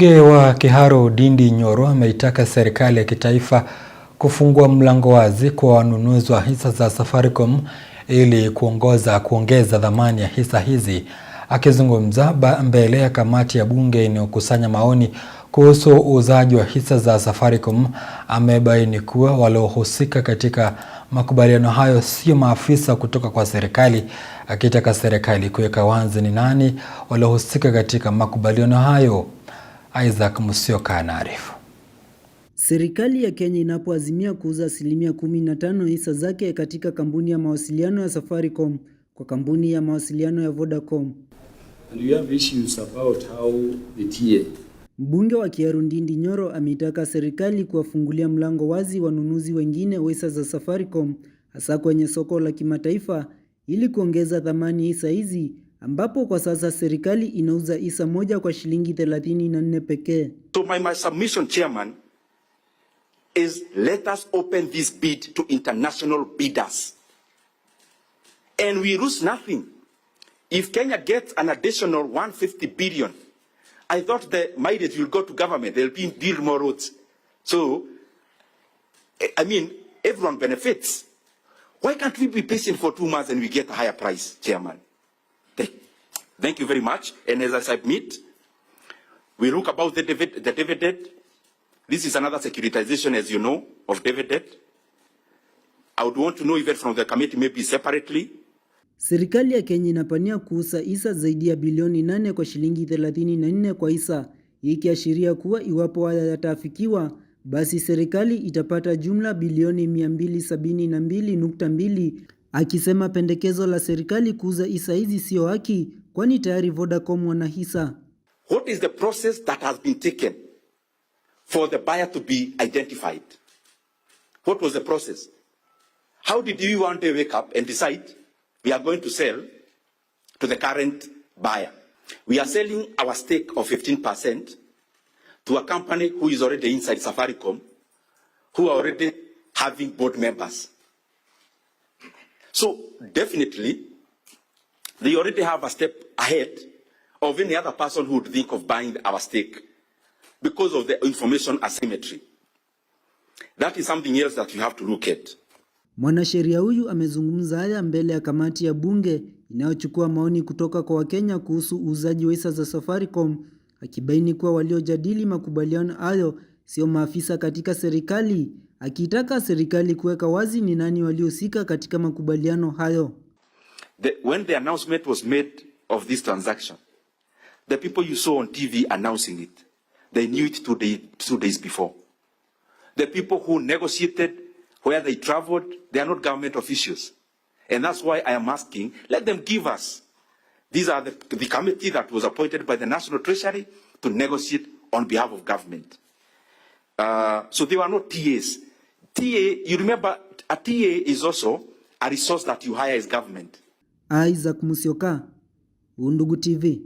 Mbunge wa Kiharu Ndindi Nyoro ameitaka serikali ya kitaifa kufungua mlango wazi kwa wanunuzi wa hisa za Safaricom ili kuongoza kuongeza thamani ya hisa hizi. Akizungumza mbele ya kamati ya bunge inayokusanya maoni kuhusu uuzaji wa hisa za Safaricom, amebaini kuwa waliohusika katika makubaliano hayo sio maafisa kutoka kwa serikali, akitaka serikali kuweka wazi ni nani waliohusika katika makubaliano hayo. Isaac Musyoka anaarifu. Serikali ya Kenya inapoazimia kuuza asilimia 15 hisa zake katika kampuni ya mawasiliano ya Safaricom kwa kampuni ya mawasiliano ya Vodacom. And you have issues about how the TA. Mbunge wa Kiaru Ndindi Nyoro ameitaka serikali kuwafungulia mlango wazi wanunuzi wengine wa hisa za Safaricom hasa kwenye soko la kimataifa ili kuongeza thamani hisa hizi ambapo kwa sasa serikali inauza isa moja kwa shilingi 34 pekee. So my, my submission chairman is let us open this bid to international bidders and we lose nothing if Kenya gets an additional 150 billion I thought the mileage will go to government they'll be build more roads so eh, I mean everyone benefits why can't we be patient for two months and we get a higher price chairman Thank you very much. And as I submit, we look about the, divid the dividend. This is another securitization, as you know, of dividend. I would want to know even from the committee, maybe separately. Serikali ya Kenya inapania kuuza hisa zaidi ya bilioni nane kwa shilingi 34 kwa hisa, ikiashiria kuwa iwapo haya yataafikiwa, basi serikali itapata jumla bilioni 272.2 akisema pendekezo la serikali kuuza hisa hizi sio haki, kwani tayari Vodacom wana hisa. What is the process that has been taken for the buyer to be identified? What was the process? How did you one day wake up and decide we are going to sell to the current buyer? We are selling our stake of 15% to a company who is already inside Safaricom, who are already having board members. So definitely, they already have a step ahead of any other person who would think of buying our stake because of the information asymmetry. That is something else that you have to look at. Mwanasheria huyu amezungumza haya mbele ya kamati ya bunge inayochukua maoni kutoka kwa Wakenya kuhusu uuzaji wa hisa za Safaricom, akibaini kuwa waliojadili makubaliano hayo sio maafisa katika serikali akitaka serikali kuweka wazi ni nani waliohusika katika makubaliano hayo. The, when the announcement was made of this transaction, the people you saw on TV announcing it, they knew it two, day, two days before. The people who negotiated where they traveled, they are not government officials. And that's why I am asking, let them give us. These are the, the committee that was appointed by the National Treasury to negotiate on behalf of government. Uh, so they were not TAs. TA, you remember, a TA is also a resource that you hire as government. Isaac Musyoka, Undugu TV.